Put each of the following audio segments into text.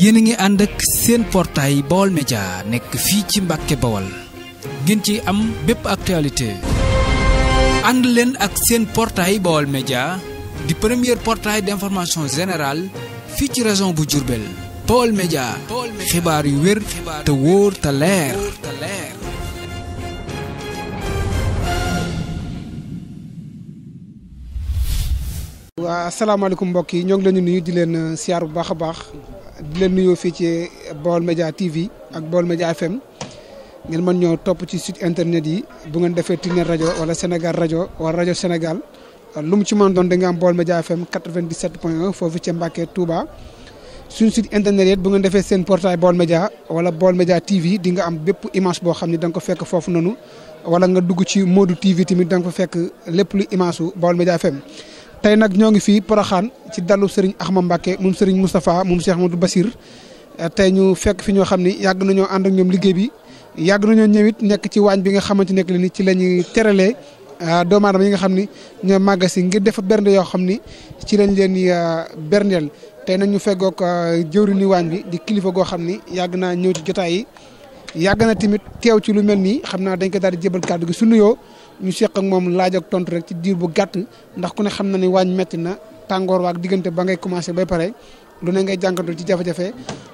yéen a ngi ànd ak seen portail Baol Média nekk fii ci Mbàkke Bawol ngeen ci am bépp actualité ànd leen ak seen portail Baol media di premier portail d'information générale fii ci région bu Diourbel Baol Média xibaar yu wér te wóor te leer waa asalaamaaleykum mbokk yi ñoo ngi leen di leen euh, siyaar bu baax a baax di leen nuyoo fii ci Baol Média TV ak Baol Média FM ngeen mën ñoo topp ci site internet yi bu ngeen defee Tuner rajo wala Sénégal rajo wala rajo Sénégal lu mu ci man doon da nga am Baol Média FM 97.1 foofu ci Mbacké Touba. suñ site internet yi bu ngeen defee seen portail Baol Média wala Baol Média TV di nga am bépp image boo xam ne da nga ko fekk foofu noonu wala nga dugg ci Modou TV tamit danga ko fekk lépp lu image su Baol Média FM. tey nag ñoo ngi fii Poroxaan ci dalu Serigne Axma Mbacke moom Serigne Moustapha moom Cheikh du Bassir eh, tey ñu fekk fi ñoo xam ni yàgg nañoo ànd ak ñoom liggéey bi yàgg nañoo ñëwit nekk ci waañ bi nga xamante nekk ni ci la ñuy teralee eh, doomu aadama yi nga xam ni ñooy màggas ngir def bernde yoo xam ni ci lañ leen di eh, berndeel tey nag ñu feggoog jëwriñu waañ bi di kilifa goo xam ni yàgg naa ñëw ci jotaay yi yàgg na tamit teew ci lu mel nii xam naa dañ ko daal di jébal kàddu gi su nuyoo ñu seq ak moom laaj ak tontu rek ci diir bu gàtt ndax ku ne xam na ni waañ metti na tàngoor ak diggante ba ngay commencé bay pare lu ne ngay jànkatul ci jafe-jafe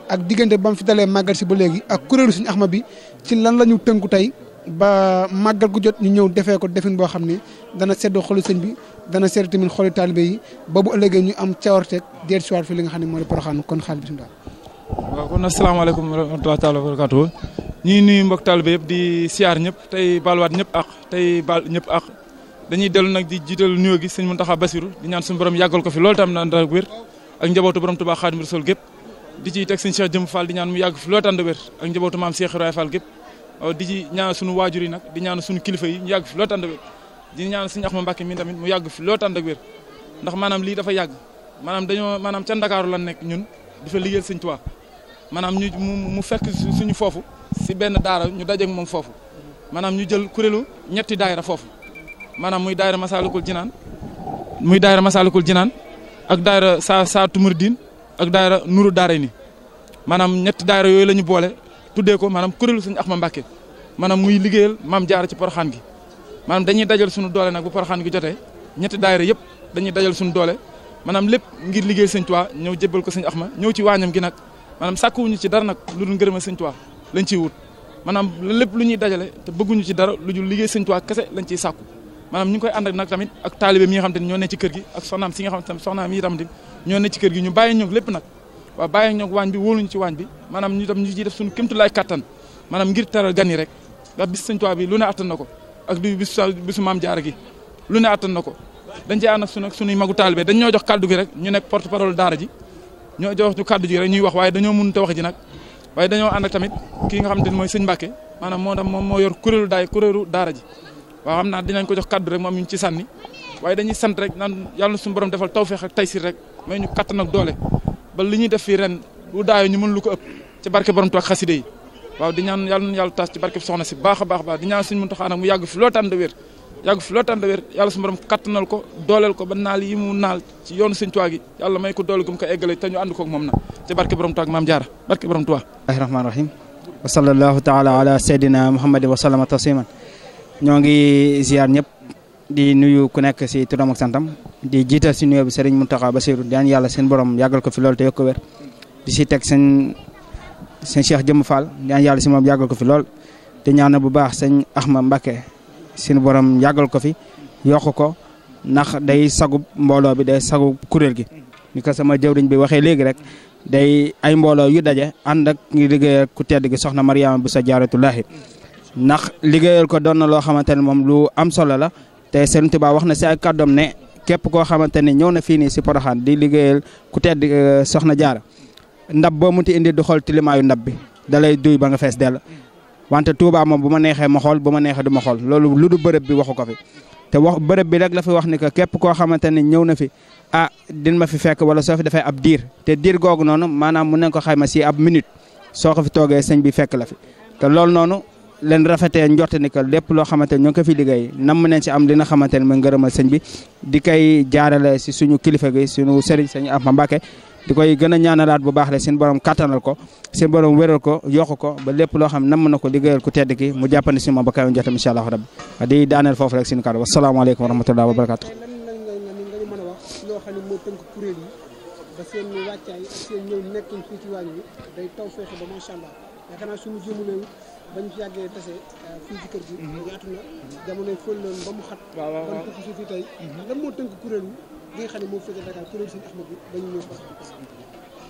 ak diggante ba mu fi dalee màggal si ba léegi ak kuréelu suñu Axma bi ci lan la ñu tënku tey ba màggal gu jot ñu ñëw defee ko defin boo xam ne dana seddoo xolu sëñ bi dana sedd tamit xolu taalibe yi ba bu ëllëgee ñu am cawarteeg deet siwaat fi li nga xam ne moo di Poroxaan kon xaal bisimilah. waaw kon asalaamaaleykum wa rahmatulah taala wa barakatuh ñuy nuyu mbokk taalibe yëpp di siyaar ñëpp tey baaluwaat ñëpp ak tey baal ñëpp ak dañuy dellu nag di jiital nuyoo gi sëñ Muntaxa Basiru di ñaan suñ borom yàggal ko fi loolu tam naan wér ak njabootu borom Tuubaa Xaadimu Rasuul gépp di ciy teg sëñ Cheikh di ñaan mu yàgg fi loolu tànd wér ak njabootu maam Cheikh Ibrahima ci ñaan suñu waajur yi nag di ñaan suñu kilifa yi ñu yàgg fi loolu tànd di ñaan suñu Axma Mbàkke mi tamit mu yàgg fi loolu tànd wér ndax maanaam lii dafa yàgg maanaam dañoo maanaam ca Ndakaaru la nekk ñun di fa liggéeyal sëñ Tuubaa maanaam ñu mu fekk suñu foofu si benn daara ñu dajeek moom foofu maanaam ñu jël kuréelu ñetti daayira foofu maanaam muy daayira Masaalikul Jinaan muy daayira Masaalikul Jinaan ak daayira sa sa tumur diin ak daayira nuru daara ni maanaam ñetti daayira yooyu la ñu boole tuddee ko maanaam kuréelu suñu ma Mbàkke maanaam muy liggéeyal maam jaara ci poroxaan gi maanaam dañuy dajal suñu doole nag bu poroxaan gi jotee ñetti daayira yëpp dañuy dajal suñu doole maanaam lépp ngir liggéey sëñ Tuubaa ñëw jébbal ko sëñ Axma ñëw ci waañam gi nag maanaam sàkkuwuñu ci dara nag lu dul ngërëma sëñ lañ ciy wut maanaam lépp lu ñuy dajale te bëgguñu ci dara lu ju liggéey sëñ Tuubaa kese lañ ciy sàkku maanaam ñu ngi koy ànd ak nag tamit ak taalibe mi nga xam te ni ñoo ne ci kër gi ak soxnaam si nga xam te tam ñoo ne ci ñu bàyyi ñoog lépp nag waaw bàyyi ñoog waañ bi wóoluñu ci waañ bi maanaam ñu tam ñu ciy def suñu kémtulaay kattan maanaam ngir teral gan yi rek ndax bis sëñ Tuubaa bi lu ne attan na ko ak du bis bisu maam jaar gi lu ne attan na ko dañ ci ànd ak suñu suñuy magu taalibe dañ ñoo jox kàddu gi rek ñu nekk po parole daara ji ñoo jox ñu kàddu rek ñuy wax waaye dañoo mënut wax ji nag waaye dañoo ànd tamit kii nga xam ne mooy sëñ Mbàkke maanaam moo tax moom moo yor kuréelu daay kuréelu daara ji waaw xam naa dinañ ko jox kaddu rek moom ñu ci sànni waaye dañuy sant rek naan yàlla na borom defal taw tawféex tey si rek may ñu kattan ak doole ba li ñuy def fii ren bu daayoo ñu mën lu ko ëpp ci barke borom toog xaside yi waaw di ñaan yàlla na yàlla taas ci barke soxna si baax a baax baax di ñaan suñu Muntaxa nag mu yàgg fi loo tànn de wér yàgg fi loo tànn wér yàlla su borom kattanal ko dooleel ko ba naal yi mu naal ci yoonu sëñ Tuubaa yàlla may ko doole gum ko eggale te ñu ànd moom na te barke borom Tuubaa maam jaara barke borom Tuubaa bismillahi rahmaani rahim wa sallallahu taala ala sayyidina muhammadin wa sallama tasliman ñoo ngi ziar ñëpp di nuyu ku nekk si turam santam di jiital si nuyoo bi Serigne Mountakha Bassirou daan yàlla seen borom yàggal ko fi lool te yokk ko di si teg seen seen Cheikh Jëmm Fall daan yàlla si moom yàggal ko fi lool te ñaan bu baax sëñ Ahma Mbacké suñu borom yàggal ko fi yokk ko ndax day sagu mbooloo bi day sagu kuréel gi ni ko sama jëwriñ bi waxee léegi rek day ay mbooloo yu daje ànd ak ngi liggéeyal ku tedd gi soxna Mariama Bousso Jaaratullaahi ndax liggéeyal ko doon na loo xamante ne moom lu am solo la te Sëriñ Tuubaa wax na si ay kàddoom ne képp koo xamante ne ñëw na fii nii si Poroxaan di liggéeyal ku tedd euh, soxna jaara ndab boo munti indi du xool tilimaayu ndab bi dalay duy ba nga fees wante Touba moom bu ma neexee ma xool bu ma neexee du ma xool loolu lu du bërëb bi waxu ko fi te wax bërëb bi rek la fi wax ni que képp koo xamante ne ñëw na fi ah din ma fi fekk wala soo fi dafay ab diir te diir googu noonu maanaam mun nañ ko xayma si ab minute soo ko fi toogee sëñ bi fekk la fi te loolu noonu leen rafetee njort ni ko lépp loo xamante ne ñoo ngi ko fi liggéey nam nañ si am dina nga xamante ne mooy ngërëmal sëñ bi di koy jaarale si suñu kilifa gi suñu sëriñ sëñ Ahmad Mbacké di koy gën a ñaanalaat bu baax rek seen boroom kattanal ko seen borom wéral ko yokk ko ba lépp loo xam nam na ko liggéeyal ku tedd ki mu jàppandi si moom ba kayoon jotam incha mu xat ban ko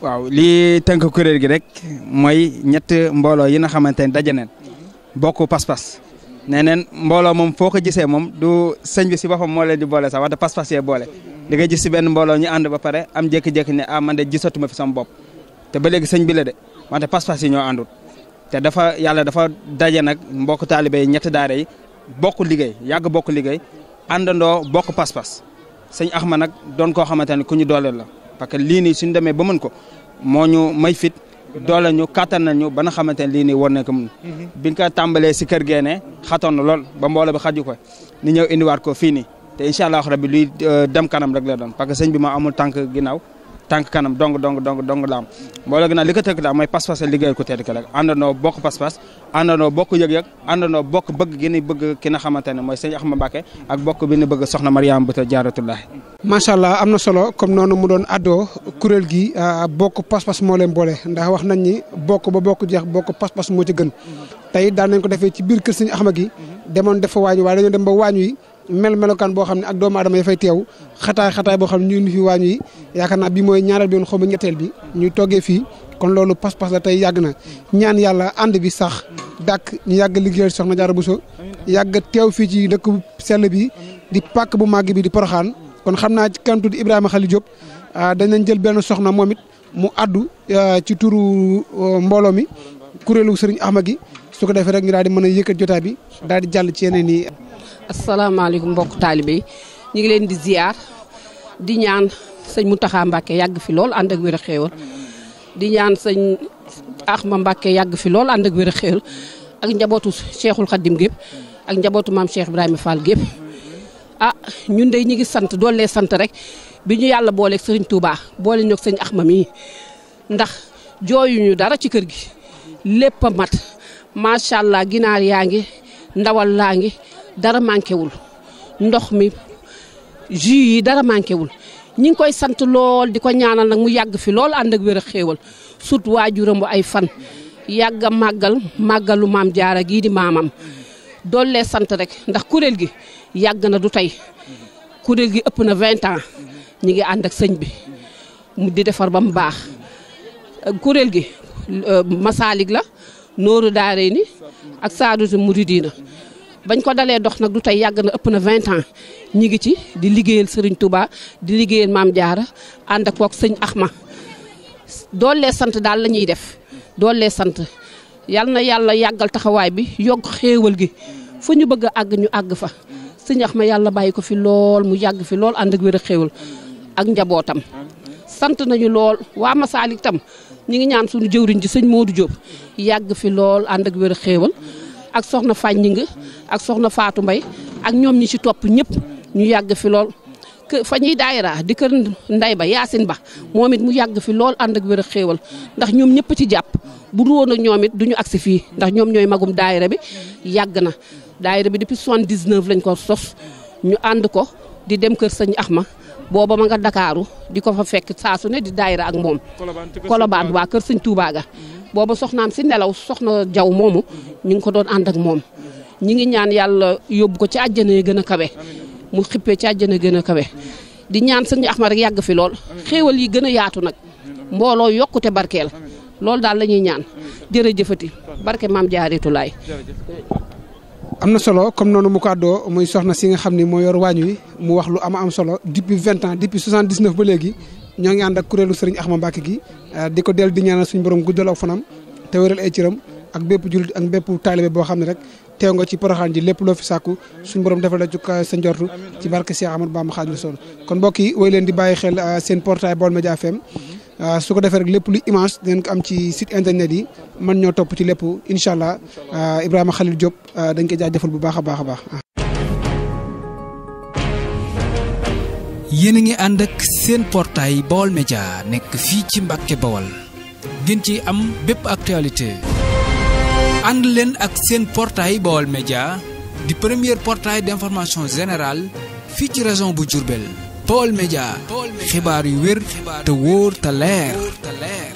waaw lii tënk kuréel gi rek mooy ñett mbooloo yi nga xamante ne daje neen bokk pas-pas nee neen mbooloo moom foo ko jisee moom du sëñ bi si boppam moo leen di boole sax wante pas-pas yee boole di nga gis si benn mbooloo ñu ànd ba pare am jékki-jékki ne ah man de gisatuma fi sama bopp te ba léegi sëñ bi la de wante pas-pas yi ñoo àndul te dafa yàlla dafa daje nag mbokk taalibe yi ñetti daara yi bokk liggéey yàgg bokk liggéey àndandoo bokk pas-pas sëñ Axma nag doon koo xamante ne ku ñu dooleel la parce que lii nii suñ demee ba mën ko moo ñu may fit doole ñu kattan ñu ba nga xamante ne lii nii war na ko mën. Mhm. biñ ko tàmbalee si kër geene xatoon na lool ba mbooloo bi xaju ko ni ñëw indiwaat ko fii nii te incha allah rabi luy euh, dem kanam rek la doon parce que sëñ bi ma amul tànk ginnaaw. tànk kanam dong dong dong dong la am boole gi nag li ko tëkk daal mooy pas-pas liggéeyal ko tedd ki rek àndandoo bokk pas-pas àndandoo bokk yëg-yëg na solo comme noonu mu doon addoo kuréel gi ah, bokk pas-pas moo leen boole ndax wax nañ ni bokk ba bokk jeex bokk pas-pas moo ci gën tey daan nañ ko defee ci biir kër sëñ Axma gi demoon def fa waañu waaye dañoo dem ba waañu yi mel melokaan boo xam ne ak doomu aadama dafay teew xataay xataay boo xam ne ñu ngi fi waañu yi yaakaar naa bi mooy ñaareel bi yoon xaw ma ñetteel bi ñu toggee fii kon loolu pas-pas la tey yàgg na ñaan yàlla ànd bi sax dàq ñu yàgg liggéeyal soxna Jaara Bousso yàgg teew fii ci dëkk sell bi di pàkk bu màgg bi di Poroxaan kon xam naa ci kanam Ibrahima Xali Diop ah, danañ jël benn soxna moom it mu addu ah, ci turu ah, mbooloo mi kuréelu sëriñ Axma gi su ko defee rek ñu daal di mën a yëkkat jotaay bi daa di jàll ci yeneen yi asalaamaaleykum mbokk taalibe yi ñu ngi leen di ziar di ñaan sëñ Mountakha Mbacké yàgg fi lool ànd ak wér xéewal di ñaan sëñ Axma Mbacké yàgg fi lool ànd ak wér xéewal ak njabootu Cheikhul Khadim gépp ak njabootu maam Cheikh Ibrahima Fall gépp ah ñun dey ñu ngi sant doole sant rek bi ñu yàlla booleeg sëriñ Touba boole ñoog sëñ Axma mii ndax jooyuñu dara ci kër gi lépp mat macha allah ginaar yaa ngi ndawal laa ngi. dara manqué wul ndox mi jus yi dara manqué wul ñi ngi koy sant lool di ko ñaanal nag mu yàgg fi lool ànd ak wér a xéewal surtout waajuram bu ay fan yàgg a màggal màggalu maam jaara gii di maamam doollee sant rek ndax kuréel gi yàgg na du tey kuréel gi ëpp na vingt ans ñi ngi ànd ak sëñ bi mu di defar ba mu baax kuréel gi euh, masaalig la nooru daaree ni ak saadatu muridina bañ ko dalee dox nag du tey yàgg na ëpp na vingt ans ñi ngi ci di liggéeyal sëriñ Touba di liggéeyal Maam Jaara ànd ak kook sëñ ax ma doole sant daal lañuy def doolee sant yal na yàlla yàggal taxawaay bi yokk xéewal gi fu ñu bëgg a àgg ñu àgg fa sëñ ma yàlla bàyyi ko fi lool mu yàgg fi lool ànd ak wér a xéewal ak njabootam sant nañu lool waa Masaalik tam ñi ngi ñaan sunu jëwriñ ji sëñ du Diop yàgg fi lool ànd ak wér xéewal ak soxna Fàññing ak soxna Faatu Mbay ak ñoom ñi ci topp ñëpp ñu yàgg fi lool. kë fa ñuy daayira di kër nday ba yaasin ba moom it mu yàgg fi lool ànd ak wér a xéewal ndax ñoom ñëpp ci jàpp bu du woon ak ñoom it du ñu agsi fii ndax ñoom ñooy magum daayira bi yàgg na daayira bi depuis soixante-dix-neuf lañ ko sos ñu ànd ko di dem kër sëñ ma booba ma nga Dakaaru di ko fa fekk saa su ne di daayira ak moom Kolobaan waa kër sëñ Tuubaa ga booba soxnaam si nelaw soxna jaw moomu ñu ngi ko doon ànd ak moom ñu ngi ñaan yàlla yóbbu ko ci àjjana yi gën a kawe mu xippee ci àjjana gën a kawe di ñaan sëñ Ahmad rek yàgg fi lool xéewal yi gën a yaatu nag mbooloo yokkute barkeel loolu daal la ñuy ñaan jërëjëfati barke maam jaaritulaay am na solo comme noonu mu ko àddoo muy soxna si nga xam ni moo yor waañu wi mu wax lu am am solo depuis vingt ans depuis soixante dix neuf ba léegi ñoo ngi ànd ak kuréelu sëriñ Axma Mbacke gi euh, di ko dellu di ñaanal suñu borom guddal aw fanam te wéral ay cëram ak bépp jullit ak bépp taalibe boo xam ne rek teew nga ci poroxaan ji lépp loo fi sàkku suñu borom defal la ci sa njortu ci barke Cheikh Amadou Bamba Khadimou Rassoul kon mbokk yi woy leen di bàyyi xel euh, seen portail Baol Média FM Euh, su ko defee rek lépp lu image dinañ ko am ci site internet yi man ñoo topp ci lépp incha allah euh, Ibrahima Khalil Diop euh, dañ koy jaajëfal bu baax a baax a baax. yéen a ngi ànd ak seen portail Baol Média nekk fii ci Mbàkke Baol ngeen ci am bépp actualité ànd leen ak seen portail Baol Média di premier portail d'information générale fii ci région bu Diourbel Baol Média xibaar yu wér te wóor te